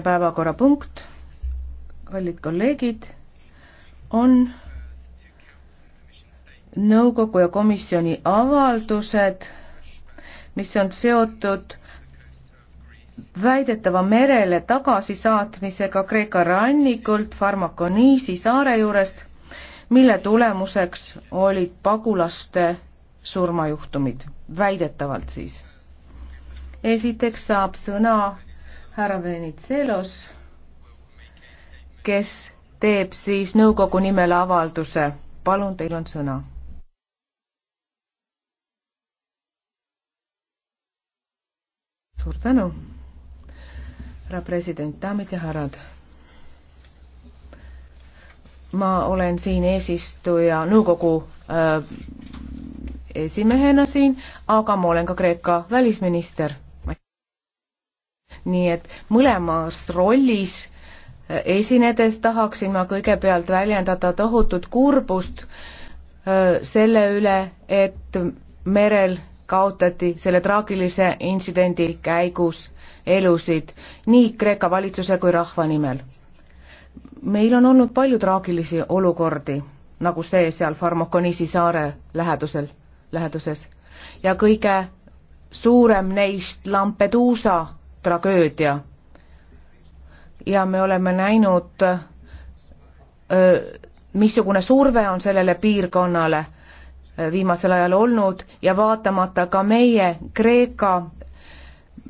päevakorrapunkt, kallid kolleegid, on nõukogu ja komisjoni avaldused, mis on seotud väidetava merele tagasisaatmisega Kreeka rannikult Farmakoniisi saare juurest, mille tulemuseks olid pagulaste surmajuhtumid, väidetavalt siis. esiteks saab sõna härra Venizelos, kes teeb siis nõukogu nimel avalduse. palun, teil on sõna suur tänu, härra president, daamid ja härrad. ma olen siin eesistuja nõukogu äh, esimehena siin, aga ma olen ka Kreeka välisminister nii et mõlemas rollis äh, esinedes tahaksin ma kõigepealt väljendada tohutut kurbust äh, selle üle, et merel kaotati selle traagilise intsidendi käigus elusid nii Kreeka valitsuse kui rahva nimel. meil on olnud palju traagilisi olukordi, nagu see seal Farmakonisi saare lähedusel, läheduses ja kõige suurem neist Lampeduusa tragöödia. ja me oleme näinud, missugune surve on sellele piirkonnale viimasel ajal olnud ja vaatamata ka meie Kreeka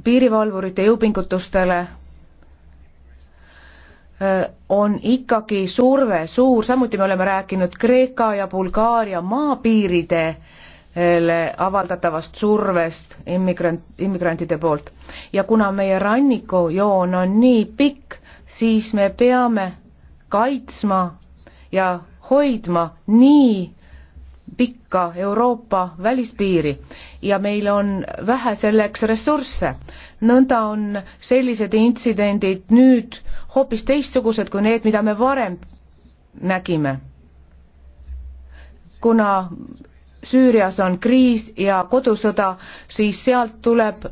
piirivalvurite jõupingutustele on ikkagi surve suur, samuti me oleme rääkinud Kreeka ja Bulgaaria maapiiride äh, avaldatavast survest immigrant, immigrantide poolt. ja kuna meie rannikujoon on nii pikk, siis me peame kaitsma ja hoidma nii pikka Euroopa välispiiri ja meil on vähe selleks ressursse. nõnda on sellised intsidendid nüüd hoopis teistsugused kui need, mida me varem nägime. kuna Süürias on kriis ja kodusõda, siis sealt tuleb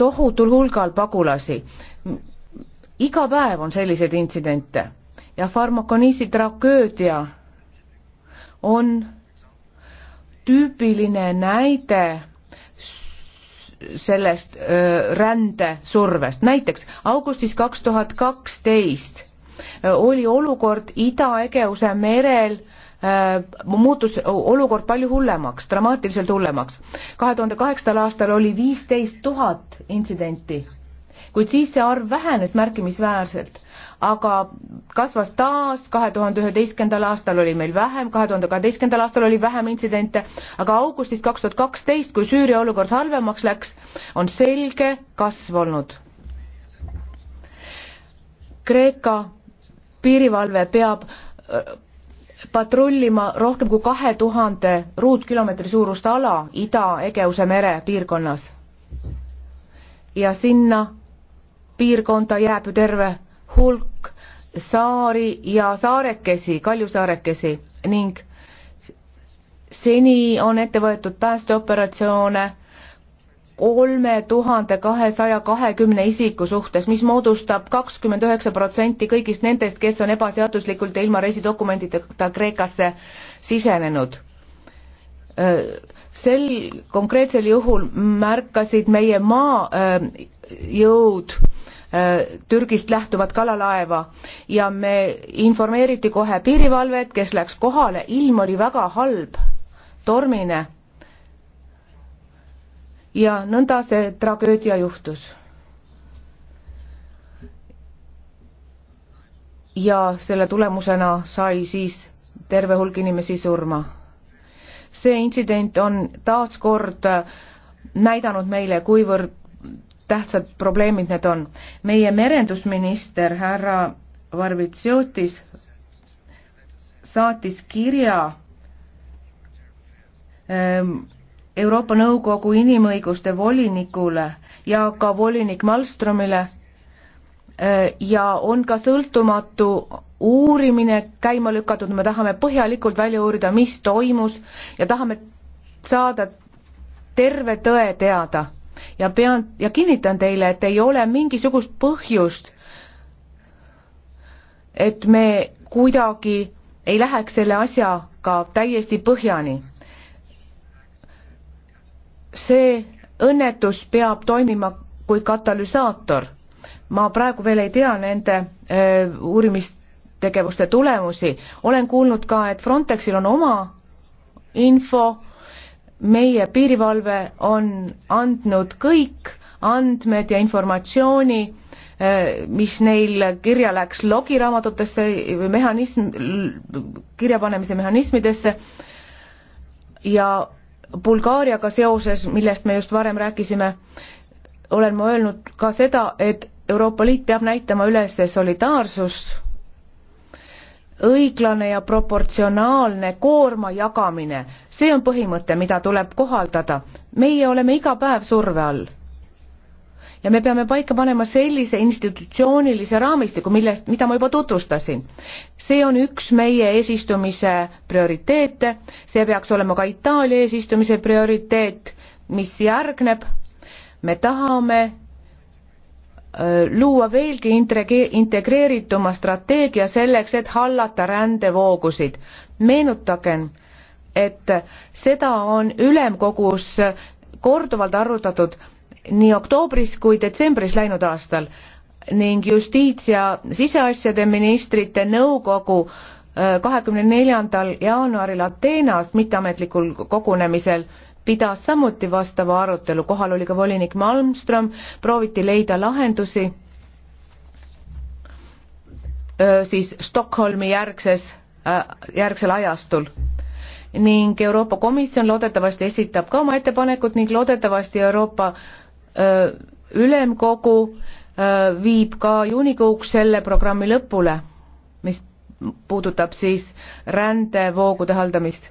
tohutul hulgal pagulasi. iga päev on selliseid intsidente ja farmakonisti tragöödia on tüüpiline näide sellest öö, rändesurvest. näiteks augustis kaks tuhat kaksteist oli olukord Ida-Egeuse merel öö, Äh, muutus olukord palju hullemaks, dramaatiliselt hullemaks. kahe tuhande kaheksandal aastal oli viisteist tuhat intsidenti, kuid siis see arv vähenes märkimisväärselt, aga kasvas taas, kahe tuhande üheteistkümnendal aastal oli meil vähem, kahe tuhande kaheteistkümnendal aastal oli vähem intsidente, aga augustist kaks tuhat kaksteist, kui Süüria olukord halvemaks läks, on selge kasv olnud. Kreeka piirivalve peab patrullima rohkem kui kahe tuhande ruutkilomeetri suurust ala Ida-Egeuse mere piirkonnas. ja sinna piirkonda jääb ju terve hulk saari ja saarekesi, kaljusaarekesi ning seni on ette võetud päästeoperatsioone kolme tuhande kahesaja kahekümne isiku suhtes, mis moodustab kakskümmend üheksa protsenti kõigist nendest, kes on ebaseaduslikult ja ilma reisidokumentideta Kreekasse sisenenud. sel konkreetsel juhul märkasid meie maajõud Türgist lähtuvat kalalaeva ja me informeeriti kohe piirivalvet, kes läks kohale, ilm oli väga halb, tormine ja nõnda see tragöödia juhtus. ja selle tulemusena sai siis terve hulk inimesi surma. see intsident on taas kord näidanud meile, kuivõrd tähtsad probleemid need on. meie merendusminister härra Varvitsiotis saatis kirja ähm, Euroopa Nõukogu inimõiguste volinikule ja ka volinik Malmströmile ja on ka sõltumatu uurimine käima lükatud, me tahame põhjalikult välja uurida, mis toimus ja tahame saada terve tõe teada ja pean ja kinnitan teile, et ei ole mingisugust põhjust, et me kuidagi ei läheks selle asjaga täiesti põhjani see õnnetus peab toimima kui katalüsaator. ma praegu veel ei tea nende uurimistegevuste tulemusi, olen kuulnud ka, et Frontexil on oma info, meie piirivalve on andnud kõik andmed ja informatsiooni, mis neil kirja läks logiraamatutesse, mehhanism, kirjapanemise mehhanismidesse ja Bulgaariaga seoses, millest me just varem rääkisime, olen ma öelnud ka seda, et Euroopa Liit peab näitama üles solidaarsust, õiglane ja proportsionaalne koorma jagamine, see on põhimõte, mida tuleb kohaldada. meie oleme iga päev surve all ja me peame paika panema sellise institutsioonilise raamistiku, millest, mida ma juba tutvustasin. see on üks meie eesistumise prioriteete, see peaks olema ka Itaalia eesistumise prioriteet, mis järgneb, me tahame äh, luua veelgi integreerituma strateegia selleks, et hallata rändevoogusid. meenutagem, et seda on ülemkogus korduvalt arutatud nii oktoobris kui detsembris läinud aastal ning justiits- ja siseasjade ministrite nõukogu äh, kahekümne neljandal jaanuaril Ateenas mitteametlikul kogunemisel pidas samuti vastava arutelu, kohal oli ka volinik Malmström, prooviti leida lahendusi äh, siis Stockholmi järgses, äh, järgsel ajastul. ning Euroopa Komisjon loodetavasti esitab ka oma ettepanekud ning loodetavasti Euroopa ülemkogu viib ka juunikuuks selle programmi lõpule, mis puudutab siis rändevoogude haldamist.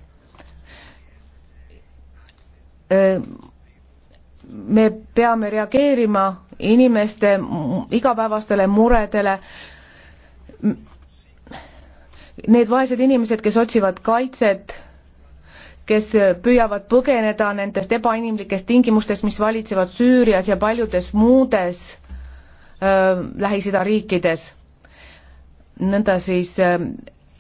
me peame reageerima inimeste igapäevastele muredele. Need vaesed inimesed, kes otsivad kaitset kes püüavad põgeneda nendest ebainimlikest tingimustest, mis valitsevad Süürias ja paljudes muudes Lähis-Ida riikides. nõnda siis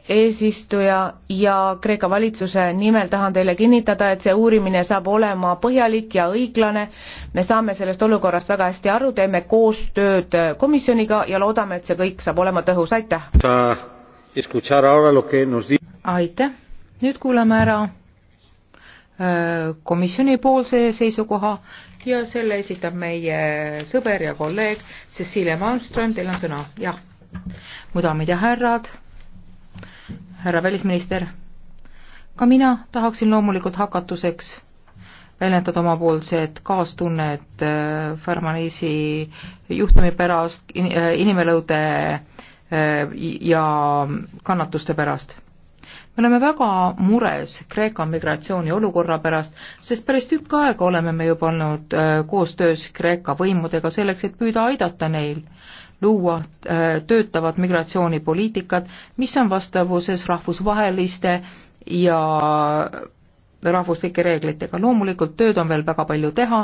eesistuja ja Kreeka valitsuse nimel tahan teile kinnitada, et see uurimine saab olema põhjalik ja õiglane. me saame sellest olukorrast väga hästi aru, teeme koostööd komisjoniga ja loodame, et see kõik saab olema tõhus, aitäh! aitäh, nüüd kuulame ära komisjoni poolse seisukoha ja selle esitab meie sõber ja kolleeg Cecilia Malmström, teil on sõna, jah. mu daamid ja härrad, härra välisminister, ka mina tahaksin loomulikult hakatuseks väljendada omapoolset kaastunnet äh, Farmanisi juhtumi pärast, äh, inimelõude äh, ja kannatuste pärast me oleme väga mures Kreeka migratsiooni olukorra pärast, sest päris tükk aega oleme me juba olnud äh, koostöös Kreeka võimudega selleks, et püüda aidata neil luua äh, töötavat migratsioonipoliitikat, mis on vastavuses rahvusvaheliste ja rahvuslike reeglitega. loomulikult tööd on veel väga palju teha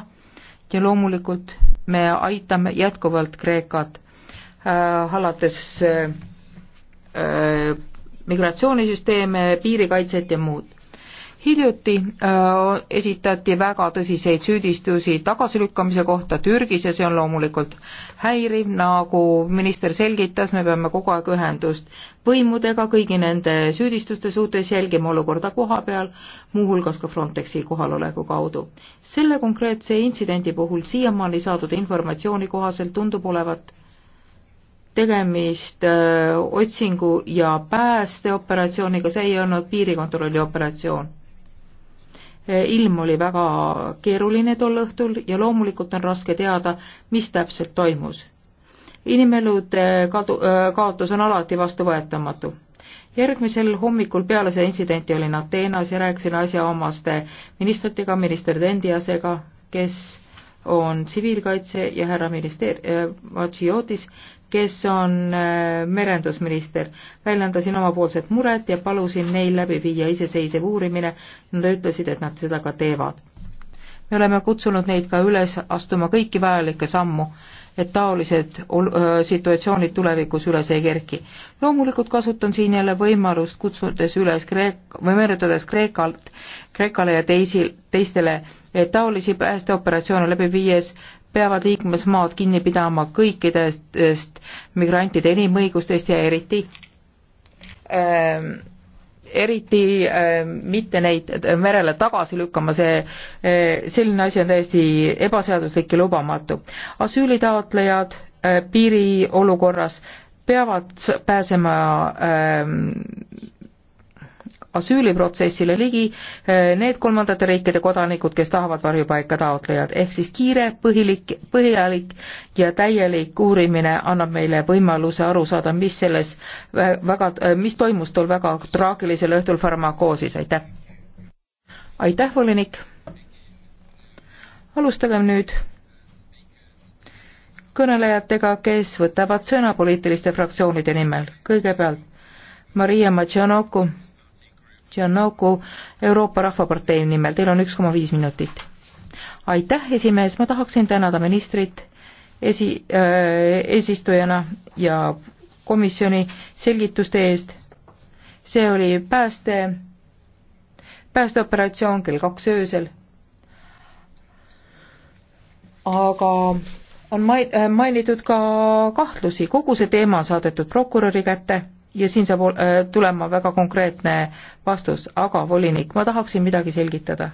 ja loomulikult me aitame jätkuvalt Kreekat äh, alates äh, migratsioonisüsteeme, piirikaitset ja muud. hiljuti äh, esitati väga tõsiseid süüdistusi tagasilükkamise kohta Türgis ja see on loomulikult häiriv, nagu minister selgitas, me peame kogu aeg ühendust võimudega kõigi nende süüdistuste suhtes, jälgima olukorda koha peal, muuhulgas ka Frontexi kohaloleku kaudu. selle konkreetse intsidendi puhul siiamaani saadud informatsiooni kohaselt tundub olevat tegemist öö, äh, otsingu ja päästeoperatsiooniga, see ei olnud piirikontrolli operatsioon. Äh, ilm oli väga keeruline tol õhtul ja loomulikult on raske teada, mis täpselt toimus. inimelude kadu, äh, kaotus on alati vastuvõetamatu. järgmisel hommikul peale seda intsidenti olin Ateenas ja rääkisin asjaomaste ministritega, minister Dendiasega, kes on tsiviilkaitse ja härra ministeer- äh,, Vachiotis, kes on äh, merendusminister. väljendasin omapoolset muret ja palusin neil läbi viia iseseisev uurimine, nad ütlesid, et nad seda ka teevad. me oleme kutsunud neid ka üles astuma kõiki vajalikke sammu, et taolised ol-, äh, situatsioonid tulevikus üles ei kerki. loomulikult kasutan siin jälle võimalust, kutsudes üles Kreek-, või meenutades Kreekalt, Kreekale ja teisi, teistele, et taolisi päästeoperatsioone läbi viies peavad liikmesmaad kinni pidama kõikidest migrantide inimõigustest ja eriti ähm, eriti äh, mitte neid merele tagasi lükkama, see äh,, selline asi on täiesti ebaseaduslik ja lubamatu. asüülitaotlejad äh, piiriolukorras peavad pääsema äh, asüüliprotsessile ligi eh, need kolmandate riikide kodanikud, kes tahavad varjupaika taotlejad, ehk siis kiire, põhilik, põhjalik ja täielik uurimine annab meile võimaluse aru saada, mis selles väga, eh, mis toimus tol väga traagilisel õhtul farmakoosis, aitäh! aitäh, volinik! alustagem nüüd kõnelejatega, kes võtavad sõna poliitiliste fraktsioonide nimel. kõigepealt Maria Matšanoku Giannoku Euroopa Rahvapartei nimel, teil on üks koma viis minutit. aitäh, esimees, ma tahaksin tänada ministrit esi äh,, eesistujana ja komisjoni selgituste eest. see oli pääste, päästeoperatsioon kell kaks öösel. aga on äh, mainitud ka kahtlusi, kogu see teema on saadetud prokuröri kätte ja siin saab äh, tulema väga konkreetne vastus, aga volinik, ma tahaksin midagi selgitada.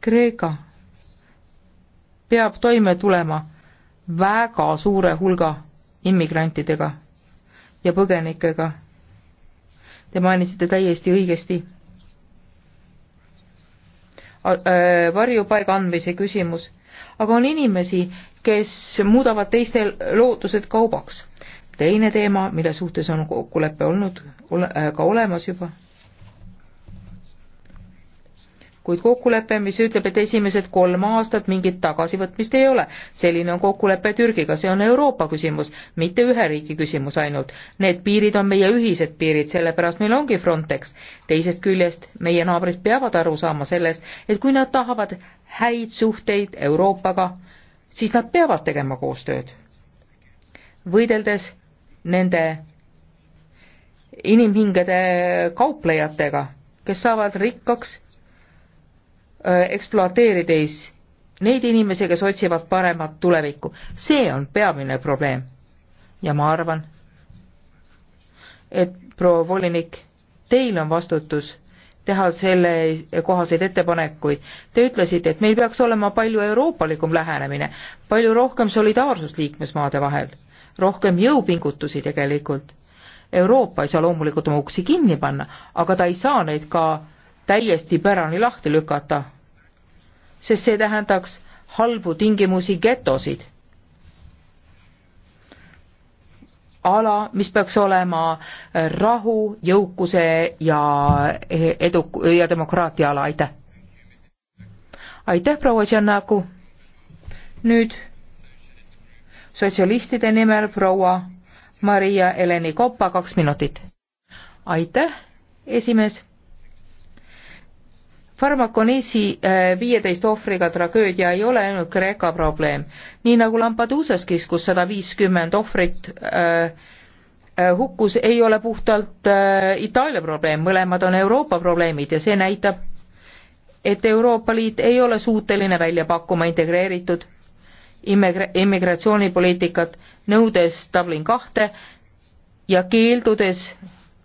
Kreeka peab toime tulema väga suure hulga immigrantidega ja põgenikega. Te mainisite täiesti õigesti. Äh, varjupaiga andmise küsimus, aga on inimesi, kes muudavad teiste lootused kaubaks teine teema, mille suhtes on kokkulepe olnud ole, äh, ka olemas juba. kuid kokkulepe, mis ütleb, et esimesed kolm aastat mingit tagasivõtmist ei ole. selline on kokkulepe Türgiga, see on Euroopa küsimus, mitte ühe riigi küsimus ainult. Need piirid on meie ühised piirid, sellepärast meil ongi Frontex. teisest küljest meie naabrid peavad aru saama sellest, et kui nad tahavad häid suhteid Euroopaga, siis nad peavad tegema koostööd võideldes nende inimhingede kauplejatega, kes saavad rikkaks ekspluateerides neid inimesi, kes otsivad paremat tulevikku. see on peamine probleem. ja ma arvan, et proua volinik, teil on vastutus teha selle kohaseid ettepanekuid. Te ütlesite, et meil peaks olema palju euroopalikum lähenemine, palju rohkem solidaarsust liikmesmaade vahel rohkem jõupingutusi tegelikult. Euroopa ei saa loomulikult oma uksi kinni panna, aga ta ei saa neid ka täiesti pärani lahti lükata, sest see tähendaks halbu tingimusi getosid. ala, mis peaks olema rahu, jõukuse ja edu- ja demokraatia ala, aitäh! aitäh, proua Tšernaku! nüüd sotsialistide nimel proua Maria Eleni Koppa, kaks minutit. aitäh, esimees. Farmakoniisi äh, viieteist ohvriga tragöödia ei ole ainult Kreeka probleem, nii nagu Lampedusaskis, kus sada viiskümmend ohvrit äh, äh, hukkus, ei ole puhtalt äh, Itaalia probleem, mõlemad on Euroopa probleemid ja see näitab, et Euroopa Liit ei ole suuteline välja pakkuma integreeritud immigra-, immigratsioonipoliitikat, nõudes Dublin kahte ja keeldudes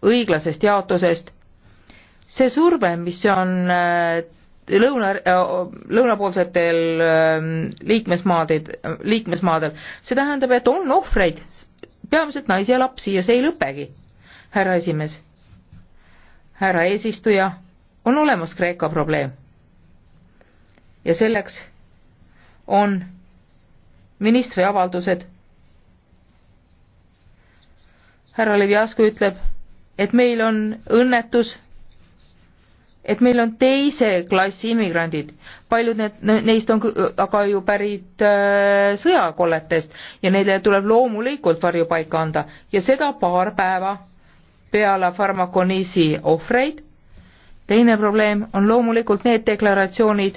õiglasest jaotusest. see surve, mis on äh, lõuna, äh, lõunapoolsetel ähm, liikmesmaadid, äh, liikmesmaadel, see tähendab, et on ohvreid, peamiselt naisi ja lapsi ja see ei lõpegi, härra esimees. härra eesistuja, on olemas Kreeka probleem. ja selleks on ministri avaldused. härra Levjasku ütleb, et meil on õnnetus, et meil on teise klassi immigrandid, paljud need, neist on aga ju pärit äh, sõjakolletest ja neile tuleb loomulikult varjupaika anda ja seda paar päeva peale farmakoniisi ohvreid. teine probleem on loomulikult need deklaratsioonid,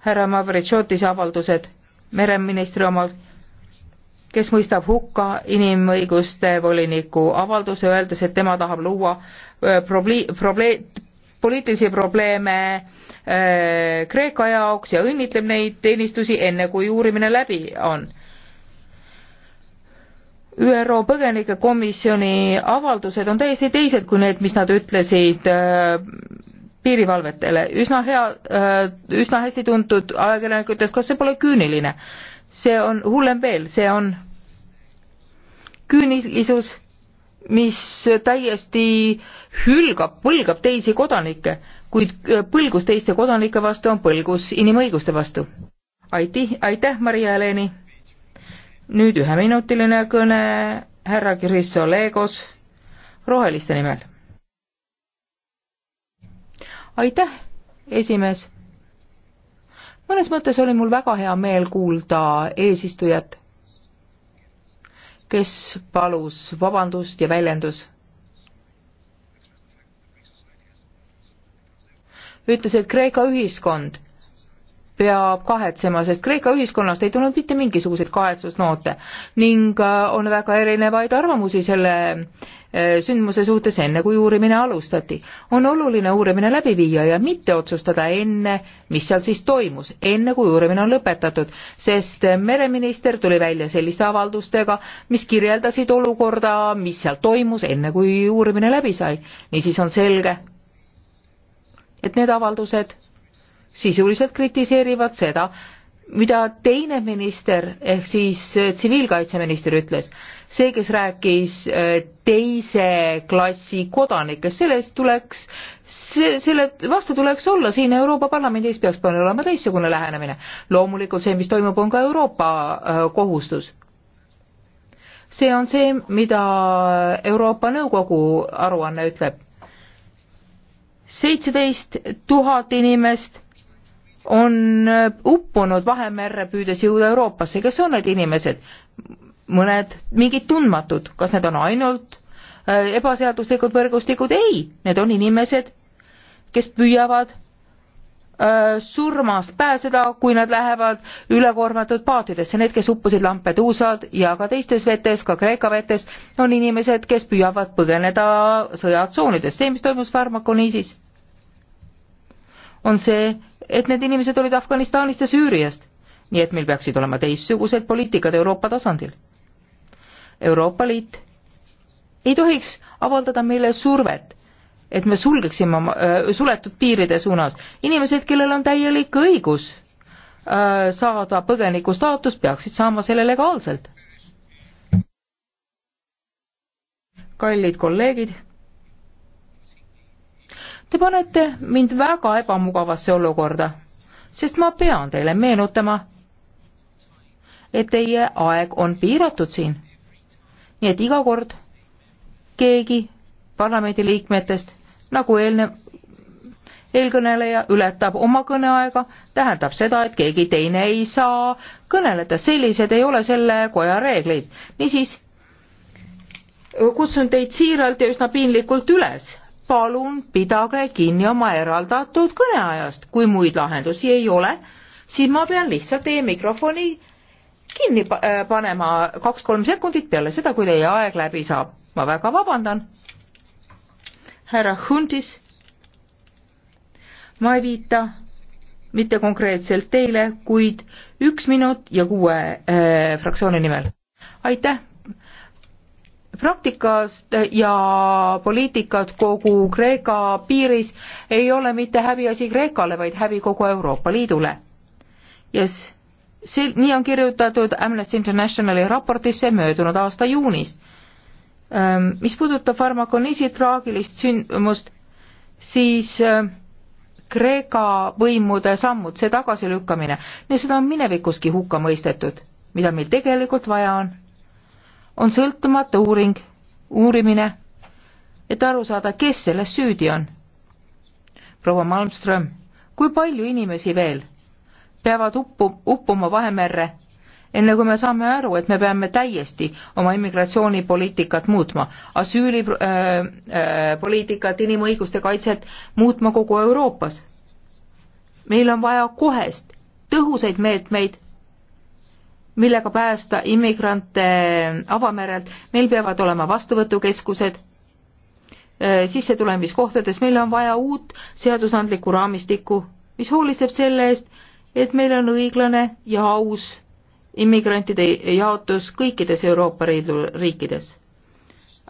härra Mavritšotis avaldused mereministri omalt, kes mõistab hukka inimõiguste voliniku avalduse, öeldes, et tema tahab luua äh, probleem, probleem, poliitilisi probleeme äh, Kreeka jaoks ja õnnitleb neid teenistusi enne, kui uurimine läbi on ÜRO põgenikekomisjoni avaldused on täiesti teised kui need, mis nad ütlesid äh, piirivalvetele. üsna hea, äh, üsna hästi tuntud ajakirjanik ütles, kas see pole küüniline? see on hullem veel, see on küünilisus, mis täiesti hülgab, põlgab teisi kodanikke, kuid äh, põlgus teiste kodanike vastu on põlgus inimõiguste vastu. aitäh, aitäh, Maria-Heleni! nüüd üheminutiline kõne härra Chrysolegos roheliste nimel aitäh, esimees. mõnes mõttes oli mul väga hea meel kuulda eesistujat, kes palus vabandust ja väljendus. ütles, et Kreeka ühiskond peab kahetsema, sest Kreeka ühiskonnast ei tulnud mitte mingisuguseid kahetsusnoote ning äh, on väga erinevaid arvamusi selle äh, sündmuse suhtes, enne kui uurimine alustati. on oluline uurimine läbi viia ja mitte otsustada enne, mis seal siis toimus, enne kui uurimine on lõpetatud, sest äh, mereminister tuli välja selliste avaldustega, mis kirjeldasid olukorda, mis seal toimus, enne kui uurimine läbi sai. niisiis on selge, et need avaldused sisuliselt kritiseerivad seda, mida teine minister ehk siis äh, tsiviilkaitseminister ütles, see, kes rääkis äh, teise klassi kodanikest, selle eest tuleks, selle vastu tuleks olla, siin Euroopa Parlamendis peaks palju olema teistsugune lähenemine. loomulikult see, mis toimub, on ka Euroopa äh, kohustus. see on see, mida Euroopa Nõukogu aruanne ütleb. seitseteist tuhat inimest on äh, uppunud Vahemerre, püüdes jõuda Euroopasse, kes on need inimesed? mõned mingid tundmatud, kas need on ainult äh, ebaseaduslikud võrgustikud, ei, need on inimesed, kes püüavad äh, surmast pääseda, kui nad lähevad ülekoormatud paatidesse. Need, kes uppusid Lampeduusad ja ka teistes vetes, ka Kreeka vetes, on inimesed, kes püüavad põgeneda sõjatsoonidest. see, mis toimus Farmakoniisis on see, et need inimesed olid Afganistanist ja Süüriast, nii et meil peaksid olema teistsugused poliitikad Euroopa tasandil. Euroopa Liit ei tohiks avaldada meile survet, et me sulgeksime oma äh, suletud piiride suunas. inimesed, kellel on täielik õigus äh, saada põgeniku staatust, peaksid saama selle legaalselt. kallid kolleegid Te panete mind väga ebamugavasse olukorda, sest ma pean teile meenutama, et teie aeg on piiratud siin. nii et iga kord keegi parlamendiliikmetest, nagu eelnev, eelkõneleja ületab oma kõneaega, tähendab seda, et keegi teine ei saa kõneleda, sellised ei ole selle koja reeglid. niisiis kutsun teid siiralt ja üsna piinlikult üles palun pidage kinni oma eraldatud kõneajast, kui muid lahendusi ei ole, siis ma pean lihtsalt teie mikrofoni kinni äh, panema kaks-kolm sekundit peale seda, kui teie aeg läbi saab. ma väga vabandan. härra Huntis, ma ei viita mitte konkreetselt teile, kuid üks minut ja kuue äh, fraktsiooni nimel. aitäh, praktikast ja poliitikat kogu Kreeka piiris ei ole mitte häbiasi Kreekale, vaid häbi kogu Euroopa Liidule. ja yes. see, nii on kirjutatud Amnesty Internationali raportisse möödunud aasta juunis. Ähm, mis puudutab farmakonisi traagilist sündmust, siis ähm, Kreeka võimude sammud, see tagasilükkamine, seda on minevikuski hukka mõistetud, mida meil tegelikult vaja on on sõltumatu uuring, uurimine, et aru saada, kes selles süüdi on. proua Malmström, kui palju inimesi veel peavad uppu, uppuma Vahemerre, enne kui me saame aru, et me peame täiesti oma immigratsioonipoliitikat muutma, asüülipoliitikat äh,, äh inimõiguste kaitset muutma kogu Euroopas. meil on vaja kohest tõhusaid meetmeid millega päästa immigrante avamerelt, meil peavad olema vastuvõtukeskused, äh, sissetulemiskohtades, meil on vaja uut seadusandlikku raamistikku, mis hoolitseb selle eest, et meil on õiglane ja aus immigrantide jaotus kõikides Euroopa Liidu riikides.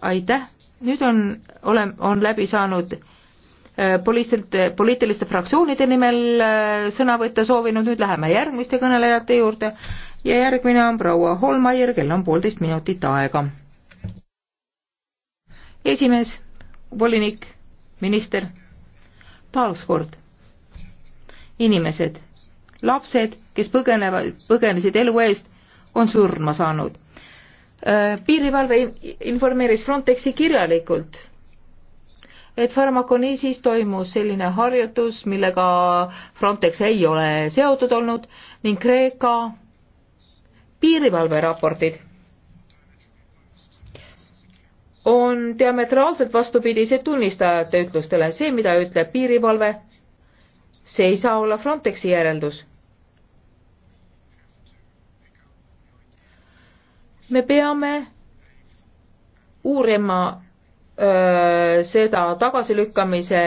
aitäh, nüüd on, ole, on läbi saanud äh, poliitiliste, poliitiliste fraktsioonide nimel äh, sõna võtta soovinud, nüüd läheme järgmiste kõnelejate juurde ja järgmine on proua Holmaier, kel on poolteist minutit aega. esimees, volinik, minister, taaskord inimesed, lapsed, kes põgenevad, põgenesid elu eest, on surma saanud. Äh, piirivalve informeeris Frontexi kirjalikult, et Pharmaconisis toimus selline harjutus, millega Frontex ei ole seotud olnud ning Kreeka piirivalveraportid on diametraalselt vastupidised tunnistajate ütlustele. see, mida ütleb piirivalve, see ei saa olla Frontexi järeldus. me peame uurima öö, seda tagasilükkamise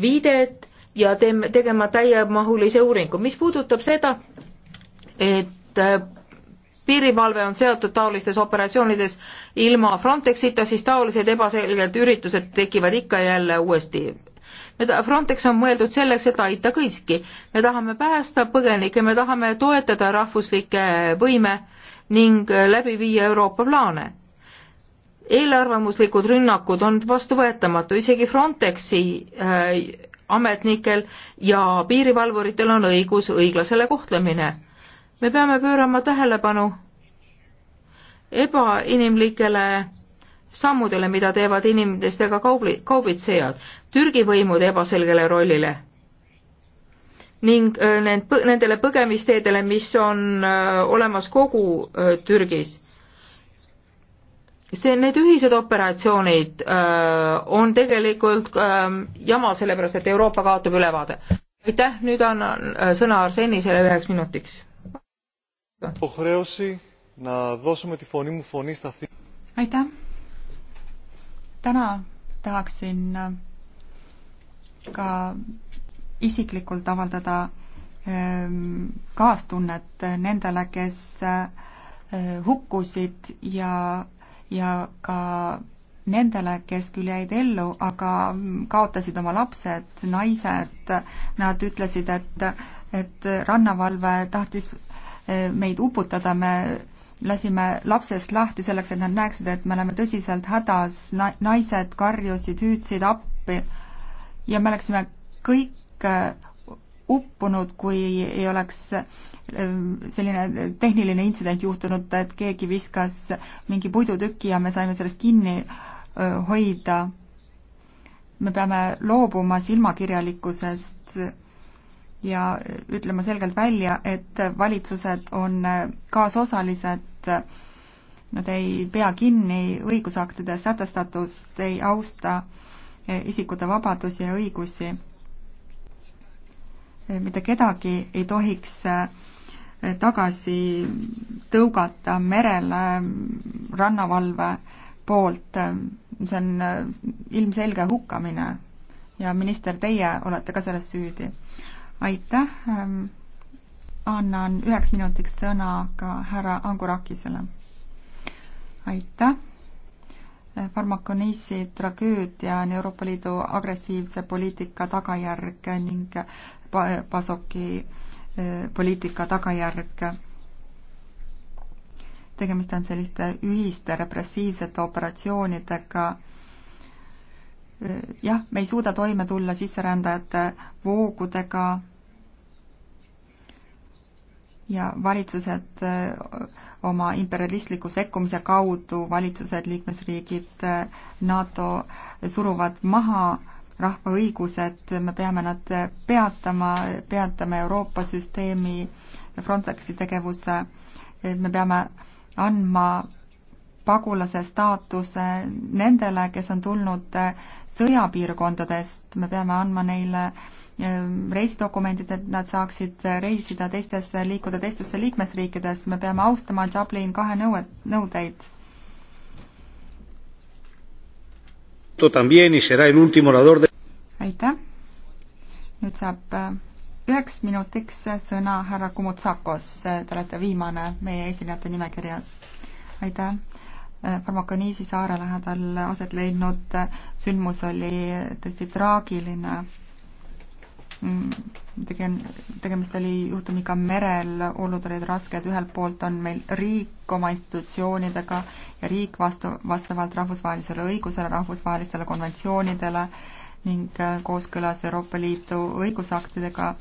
viidet ja teeme, tegema täiemahulise uuringu. mis puudutab seda, et piirivalve on seotud taolistes operatsioonides ilma Frontexita, siis taolised ebaselged üritused tekivad ikka ja jälle uuesti. Frontex on mõeldud selleks, et aita kõiki. me tahame päästa põgenikke, me tahame toetada rahvuslikke võime ning läbi viia Euroopa plaane. eelarvamuslikud rünnakud on vastuvõetamatu, isegi Frontexi äh, ametnikel ja piirivalvuritel on õigus õiglasele kohtlemine me peame pöörama tähelepanu ebainimlikele sammudele, mida teevad inimestega kaubli-, kaubitsejad, Türgi võimude ebaselgele rollile ning need, nendele põgemisteedele, mis on olemas kogu Türgis. see, need ühised operatsioonid öö, on tegelikult öö, jama, sellepärast et Euroopa kaotab ülevaade. aitäh, nüüd annan sõna Arsenisele üheks minutiks aitäh! täna tahaksin äh, ka isiklikult avaldada ähm, kaastunnet äh, nendele, kes äh, hukkusid ja, ja ka nendele, kes küll jäid ellu, aga mm, kaotasid oma lapsed, naised, nad ütlesid, et, et rannavalve tahtis meid uputada, me lasime lapsest lahti selleks, et nad näeksid, et me oleme tõsiselt hädas, naised karjusid, hüüdsid appi ja me oleksime kõik äh, uppunud, kui ei oleks äh, selline tehniline intsident juhtunud, et keegi viskas mingi puidutüki ja me saime sellest kinni äh, hoida. me peame loobuma silmakirjalikkusest ja ütlema selgelt välja, et valitsused on kaasosalised, nad ei pea kinni õigusaktides sätestatust, ei austa isikute vabadusi ja õigusi. mitte kedagi ei tohiks tagasi tõugata merele rannavalve poolt, see on ilmselge hukkamine ja minister, teie olete ka selles süüdi aitäh, ähm, annan üheks minutiks sõna ka härra Angurakisele. aitäh, äh, Farmakonisi tragöödia on Euroopa Liidu agressiivse poliitika tagajärg ning äh, Pasoki äh, poliitika tagajärg tegemist on selliste ühiste repressiivsete operatsioonidega jah, me ei suuda toime tulla sisserändajate voogudega ja valitsused eh, oma imperialistliku sekkumise kaudu, valitsused, liikmesriigid, eh, NATO suruvad maha rahva õigused, me peame nad peatama, peatame Euroopa süsteemi, Frontexi tegevuse, me peame andma pagulase staatuse nendele, kes on tulnud äh, sõjapiirkondadest, me peame andma neile ähm, reisidokumendid, et nad saaksid äh, reisida teistesse, liikuda teistesse liikmesriikidesse, me peame austama Dublin kahe nõue, nõudeid. aitäh. nüüd saab äh, üheks minutiks sõna härra Kumutsakos, te olete viimane meie esinejate nimekirjas. aitäh Farmakoniisi saare lähedal aset leidnud sündmus oli tõesti traagiline. Mm, tege-, tegemist oli juhtumiga merel, olud olid rasked, ühelt poolt on meil riik oma institutsioonidega ja riik vastu, vastavalt rahvusvahelisele õigusele, rahvusvahelistele konventsioonidele ning äh, kooskõlas Euroopa Liidu õigusaktidega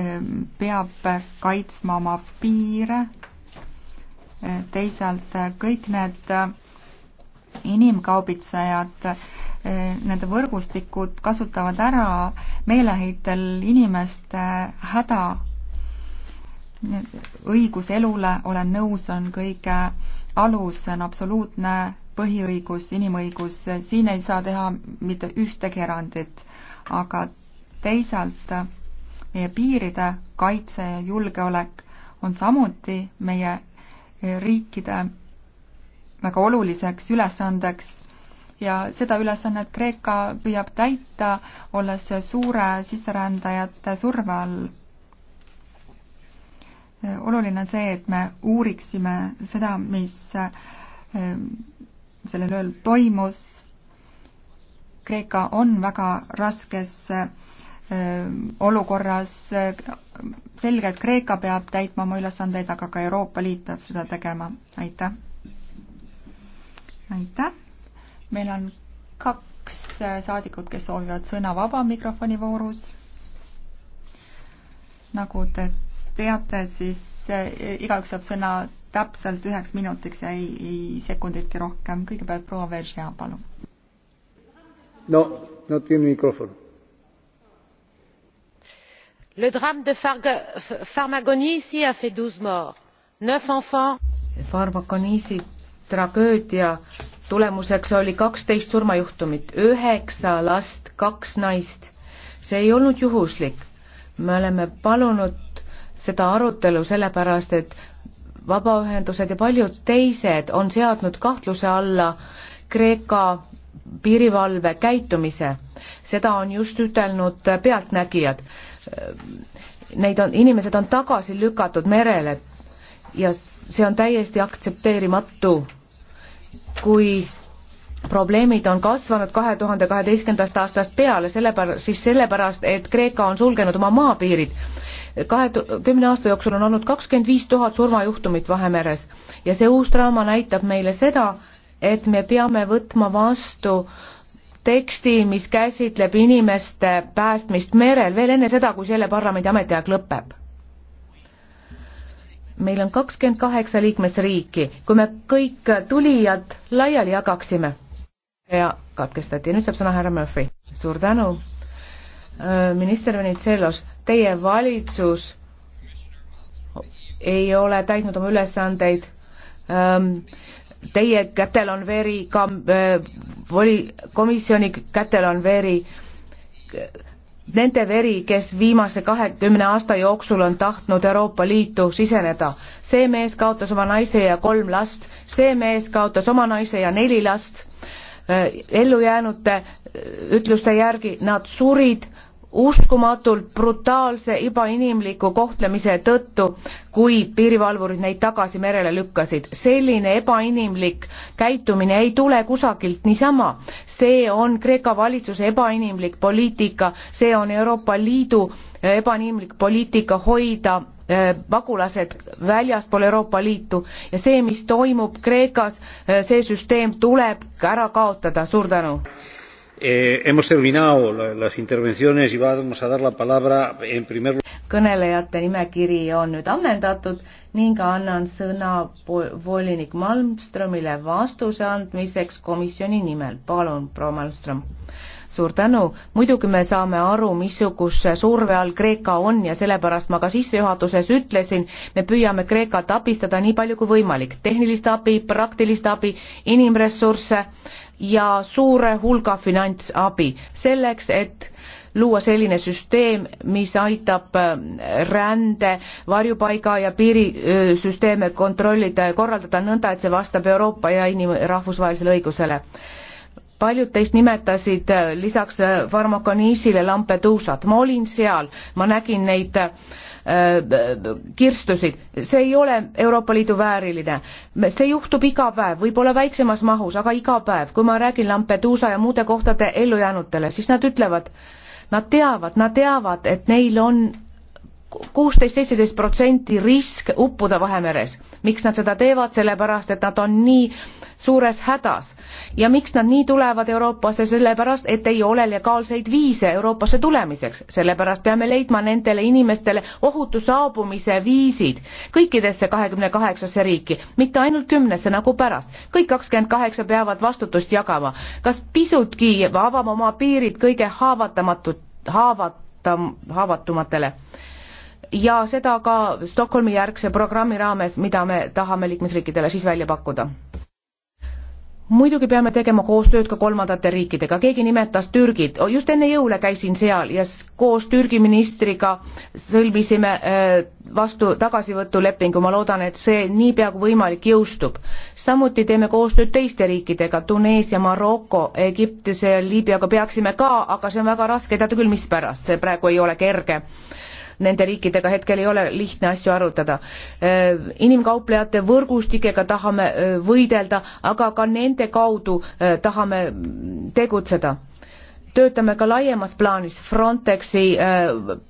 ähm, peab kaitsma oma piire teisalt kõik need inimkaubitsejad, nende võrgustikud kasutavad ära meeleheitel inimeste häda. õigus elule, olen nõus, on kõige alus, see on absoluutne põhiõigus, inimõigus, siin ei saa teha mitte ühtegi erandit, aga teisalt meie piiride kaitse ja julgeolek on samuti meie riikide väga oluliseks ülesandeks ja seda ülesannet Kreeka püüab täita, olles suure sisserändajate surve all. oluline on see, et me uuriksime seda, mis ehm, sellel ööl toimus. Kreeka on väga raskes olukorras selge, et Kreeka peab täitma oma ülesandeid, aga ka Euroopa Liit peab seda tegema. aitäh! aitäh! meil on kaks saadikut, kes soovivad sõna vaba mikrofoni voorus. nagu te teate, siis igaüks saab sõna täpselt üheks minutiks ja ei, ei sekunditki rohkem. kõigepealt proua Veržea, palun. no, no tee mikrofon le drame de farmagonisi a fait douze morts neuf enfants. farmagonisi tragöödia tulemuseks oli kaksteist surmajuhtumit üheksa last kaks naist see ei olnud juhuslik me oleme palunud seda arutelu sellepärast et vabaühendused ja paljud teised on seadnud kahtluse alla Kreeka piirivalve käitumise seda on just ütelnud pealtnägijad Ehm, neid on, inimesed on tagasi lükatud merele ja see on täiesti aktsepteerimatu. kui probleemid on kasvanud kahe tuhande kaheteistkümnendast aastast peale, sellepärast, siis sellepärast, et Kreeka on sulgenud oma maapiirid. kahe, kümne aasta jooksul on olnud kakskümmend viis tuhat surmajuhtumit Vahemeres ja see uus draama näitab meile seda, et me peame võtma vastu äh, teksti, mis käsitleb inimeste päästmist merel veel enne seda, kui selle parlamendi ametiaeg lõpeb. meil on kakskümmend kaheksa liikmesriiki, kui me kõik tulijad laiali jagaksime ja katkestati, nüüd saab sõna härra Murphy. suur tänu, äh, minister Venizelos, teie valitsus ei ole täitnud oma ülesandeid, ähm, teie kätel on veri kam-, äh, voli, komisjoni kätel on veri, nende veri, kes viimase kahekümne aasta jooksul on tahtnud Euroopa Liitu siseneda. see mees kaotas oma naise ja kolm last, see mees kaotas oma naise ja neli last, äh, ellujäänute äh, ütluste järgi nad surid uskumatult brutaalse ebainimliku kohtlemise tõttu, kui piirivalvurid neid tagasi merele lükkasid. selline ebainimlik käitumine ei tule kusagilt niisama. see on Kreeka valitsuse ebainimlik poliitika, see on Euroopa Liidu ebainimlik poliitika hoida äh, pagulased väljaspool Euroopa Liitu ja see, mis toimub Kreekas, äh, see süsteem tuleb ära kaotada. suur tänu! Eh, hemos terminado las intervenciones y vamos a dar la palabra en primer kõnelejate nimekiri on nüüd ammendatud ning annan sõna volinik Malmströmile vastuse andmiseks komisjoni nimel. palun, proua Malmström. suur tänu, muidugi me saame aru, missuguse surve all Kreeka on ja sellepärast ma ka sissejuhatuses ütlesin, me püüame Kreekat abistada nii palju kui võimalik, tehnilist abi, praktilist abi, inimressursse ja suure hulga finantsabi selleks, et luua selline süsteem, mis aitab äh, rände, varjupaiga ja piirisüsteeme kontrollida ja korraldada nõnda, et see vastab Euroopa ja inim-, rahvusvahelisele õigusele paljud teist nimetasid äh, lisaks Varmokoniisile äh, Lampeduusat, ma olin seal, ma nägin neid äh, kirstusid, see ei ole Euroopa Liidu vääriline. see juhtub iga päev, võib-olla väiksemas mahus, aga iga päev, kui ma räägin Lampeduusa ja muude kohtade ellujäänutele, siis nad ütlevad, nad teavad, nad teavad, et neil on kuusteist, seitseteist protsenti risk uppuda Vahemeres miks nad seda teevad, sellepärast et nad on nii suures hädas. ja miks nad nii tulevad Euroopasse, sellepärast et ei ole legaalseid viise Euroopasse tulemiseks. sellepärast peame leidma nendele inimestele ohutu saabumise viisid kõikidesse kahekümne kaheksasse riiki, mitte ainult kümnesse nagu pärast. kõik kakskümmend kaheksa peavad vastutust jagama. kas pisutki avame oma piirid kõige haavatamatud, haavatam-, haavatumatele? ja seda ka Stockholmi järgse programmi raames, mida me tahame liikmesriikidele siis välja pakkuda. muidugi peame tegema koostööd ka kolmandate riikidega, keegi nimetas Türgit, just enne jõule käisin seal ja koos Türgi ministriga sõlmisime äh, vastu tagasivõtulepingu, ma loodan, et see niipea kui võimalik jõustub. samuti teeme koostööd teiste riikidega, Tuneesia, Maroko, Egiptuse, Liibüaga peaksime ka, aga see on väga raske, teate küll, mispärast, see praegu ei ole kerge nende riikidega hetkel ei ole lihtne asju arutada. Äh, inimkauplejate võrgustikega tahame äh, võidelda, aga ka nende kaudu äh, tahame tegutseda töötame ka laiemas plaanis Frontexi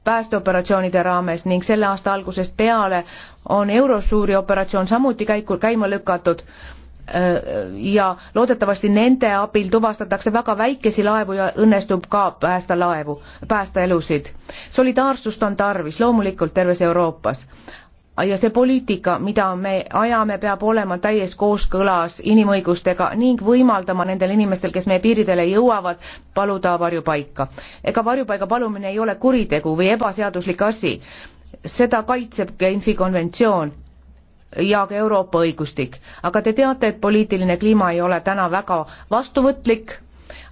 päästeoperatsioonide raames ning selle aasta algusest peale on Eurosuuri operatsioon samuti käiku, käima lükatud Äh, ja loodetavasti nende abil tuvastatakse väga väikesi laevu ja õnnestub ka päästa laevu, päästa elusid. solidaarsust on tarvis loomulikult terves Euroopas. ja see poliitika, mida me ajame, peab olema täies kooskõlas inimõigustega ning võimaldama nendel inimestel, kes meie piiridele jõuavad, paluda varjupaika. ega varjupaiga palumine ei ole kuritegu või ebaseaduslik asi seda kaitseb Genfi konventsioon ja ka Euroopa õigustik. aga te teate, et poliitiline kliima ei ole täna väga vastuvõtlik,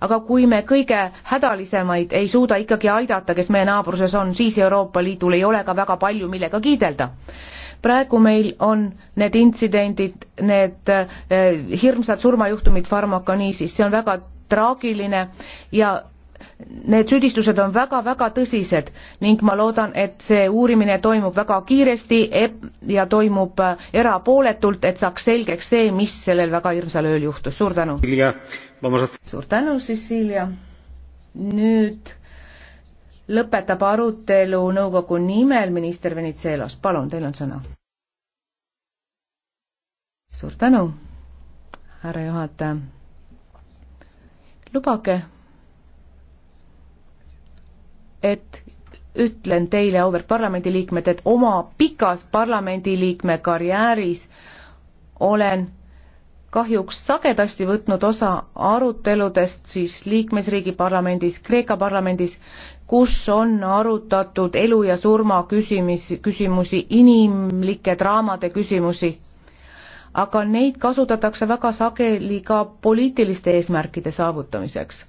aga kui me kõige hädalisemaid ei suuda ikkagi aidata, kes meie naabruses on, siis Euroopa Liidul ei ole ka väga palju, millega kiidelda. praegu meil on need intsidendid, need eh, hirmsad surmajuhtumid Farmakoniisis, see on väga traagiline ja need süüdistused on väga-väga tõsised ning ma loodan, et see uurimine toimub väga kiiresti ja toimub äh, erapooletult, et saaks selgeks see, mis sellel väga hirmsal ööl juhtus. suur tänu. suur tänu, Cecilia. nüüd lõpetab arutelu nõukogu nimel minister Venizelos. palun, teil on sõna. suur tänu, härra juhataja. lubage et ütlen teile, auväärt parlamendiliikmed, et oma pikas parlamendiliikme karjääris olen kahjuks sagedasti võtnud osa aruteludest siis liikmesriigi parlamendis, Kreeka parlamendis, kus on arutatud elu ja surma küsimis, küsimusi, inimlike draamade küsimusi. aga neid kasutatakse väga sageli ka poliitiliste eesmärkide saavutamiseks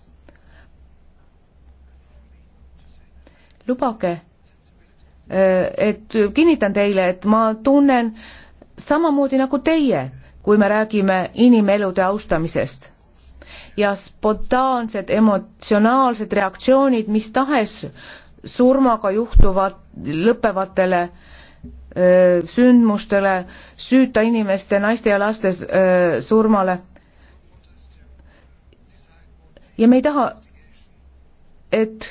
lubage, äh, et kinnitan teile, et ma tunnen samamoodi nagu teie, kui me räägime inimelude austamisest ja spontaansed emotsionaalsed reaktsioonid mis tahes surmaga juhtuvad, lõppevatele öö, äh, sündmustele, süüta inimeste, naiste ja laste öö, äh, surmale. ja me ei taha, et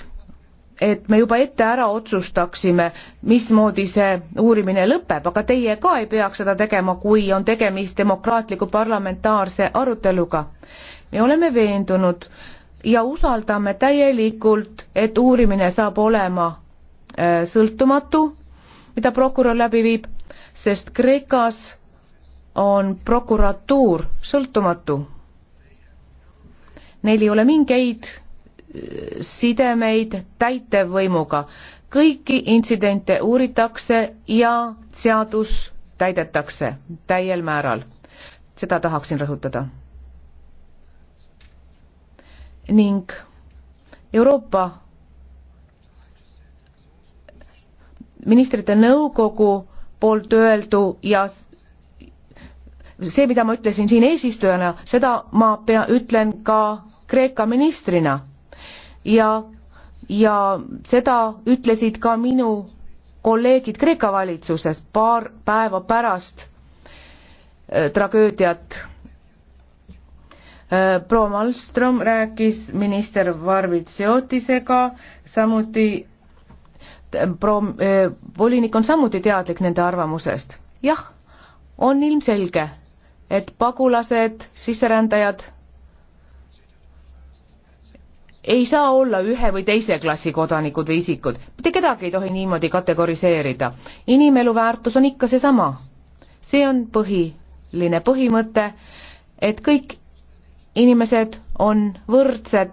et me juba ette ära otsustaksime, mismoodi see uurimine lõpeb, aga teie ka ei peaks seda tegema, kui on tegemist demokraatliku parlamentaarse aruteluga. me oleme veendunud ja usaldame täielikult, et uurimine saab olema äh, sõltumatu, mida prokurör läbi viib, sest Kreekas on prokuratuur sõltumatu. Neil ei ole mingeid sidemeid täitevvõimuga. kõiki intsidente uuritakse ja seadus täidetakse täiel määral. seda tahaksin rõhutada. ning Euroopa ministrite nõukogu poolt öeldu ja see, mida ma ütlesin siin eesistujana, seda ma pea, ütlen ka Kreeka ministrina ja, ja seda ütlesid ka minu kolleegid Kreeka valitsuses paar päeva pärast äh, tragöödiat äh,. proua Malmström rääkis minister Varvitsiotisega, samuti äh, proua äh,, volinik on samuti teadlik nende arvamusest. jah, on ilmselge, et pagulased, sisserändajad ei saa olla ühe või teise klassi kodanikud või isikud. mitte kedagi ei tohi niimoodi kategoriseerida. inimelu väärtus on ikka seesama. see on põhiline põhimõte, et kõik inimesed on võrdsed,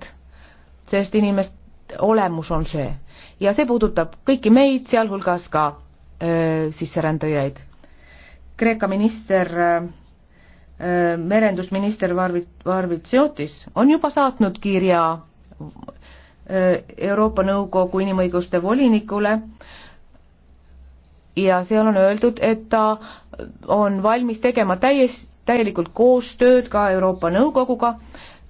sest inimest olemus on see. ja see puudutab kõiki meid, sealhulgas ka öö, sisserändajaid. Kreeka minister öö, merendusminister Varvit-, Varvitsiotis on juba saatnud kirja Äh, Euroopa Nõukogu inimõiguste volinikule ja seal on öeldud, et ta on valmis tegema täies, täielikult koostööd ka Euroopa Nõukoguga.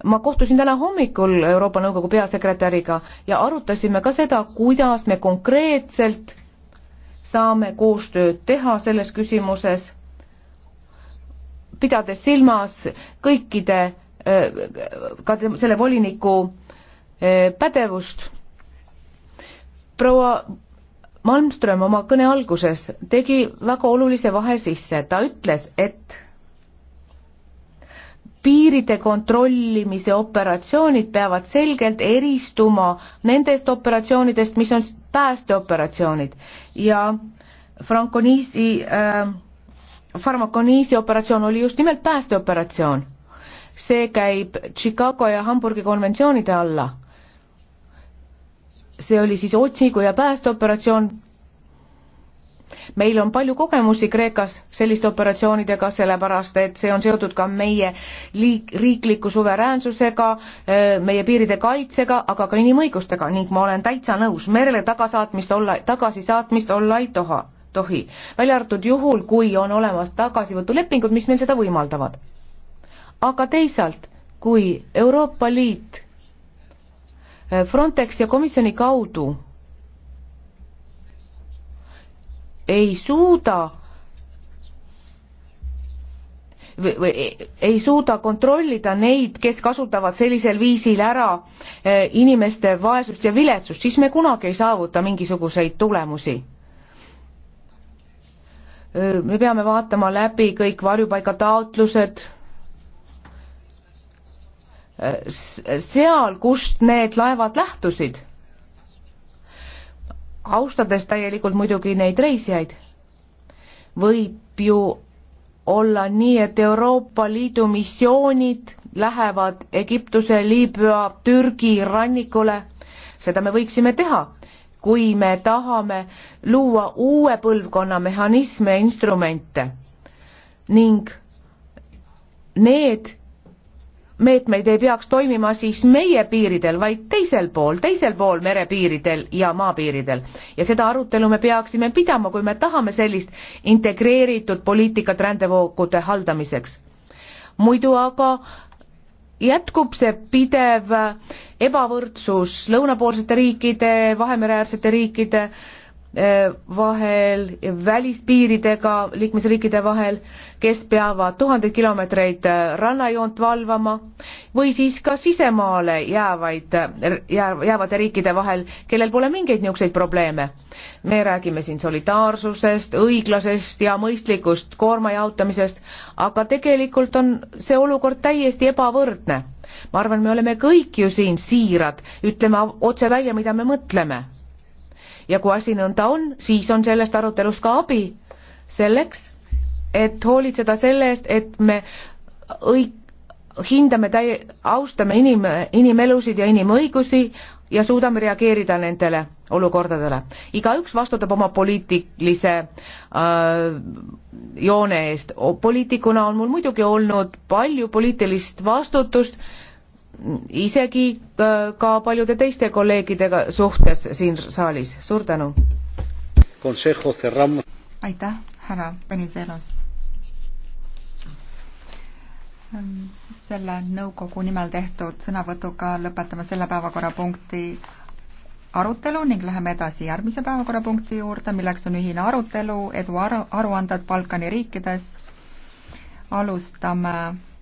ma kohtusin täna hommikul Euroopa Nõukogu peasekretäriga ja arutasime ka seda, kuidas me konkreetselt saame koostööd teha selles küsimuses, pidades silmas kõikide äh, ka selle voliniku Äh, pädevust. proua Malmström oma kõne alguses tegi väga olulise vahe sisse, ta ütles, et piiride kontrollimise operatsioonid peavad selgelt eristuma nendest operatsioonidest, mis on päästeoperatsioonid ja Frankoniisi äh,, Farmakoniisi operatsioon oli just nimelt päästeoperatsioon. see käib Chicago ja Hamburgi konventsioonide alla see oli siis otsingu- ja päästeoperatsioon. meil on palju kogemusi Kreekas selliste operatsioonidega, sellepärast et see on seotud ka meie liik-, riikliku suveräänsusega, meie piiride kaitsega, aga ka inimõigustega ning ma olen täitsa nõus, merele tagasaatmist olla, tagasisaatmist olla ei toha, tohi, välja arvatud juhul, kui on olemas tagasivõtulepingud, mis meil seda võimaldavad. aga teisalt, kui Euroopa Liit Äh, Frontex ja komisjoni kaudu ei suuda või e, ei suuda kontrollida neid, kes kasutavad sellisel viisil ära äh, inimeste vaesust ja viletsust, siis me kunagi ei saavuta mingisuguseid tulemusi. Äh, me peame vaatama läbi kõik varjupaigataotlused Äh, seal, kust need laevad lähtusid. austades täielikult muidugi neid reisijaid, võib ju olla nii, et Euroopa Liidu missioonid lähevad Egiptuse, Liibüa, Türgi rannikule, seda me võiksime teha, kui me tahame luua uue põlvkonna mehhanisme ja instrumente ning need meetmeid ei peaks toimima siis meie piiridel, vaid teisel pool, teisel pool merepiiridel ja maapiiridel. ja seda arutelu me peaksime pidama, kui me tahame sellist integreeritud poliitikat rändevoogude haldamiseks. muidu aga jätkub see pidev ebavõrdsus lõunapoolsete riikide, Vahemereäärsete riikide äh, Äh, vahel, välispiiridega liikmesriikide vahel, kes peavad tuhandeid kilomeetreid äh, rannajoont valvama või siis ka sisemaale jäävaid, äh, jäävate riikide vahel, kellel pole mingeid niisuguseid probleeme. me räägime siin solidaarsusest, õiglasest ja mõistlikust koorma jaotamisest, aga tegelikult on see olukord täiesti ebavõrdne. ma arvan, me oleme kõik ju siin siirad, ütleme otse välja, mida me mõtleme ja kui asi nõnda on, siis on sellest arutelust ka abi selleks, et hoolitseda selle eest, et me õig-, hindame täi-, austame inim-, inimelusid ja inimõigusi ja suudame reageerida nendele olukordadele. igaüks vastutab oma poliitilise äh, joone eest. poliitikuna on mul muidugi olnud palju poliitilist vastutust äh, isegi äh, ka paljude teiste kolleegidega suhtes siin saalis. suur tänu! aitäh, härra Venizelos! Ähm, selle nõukogu nimel tehtud sõnavõtuga lõpetame selle päevakorrapunkti arutelu ning läheme edasi järgmise päevakorrapunkti juurde, milleks on ühine arutelu edu aru, aruanded Balkani riikides. alustame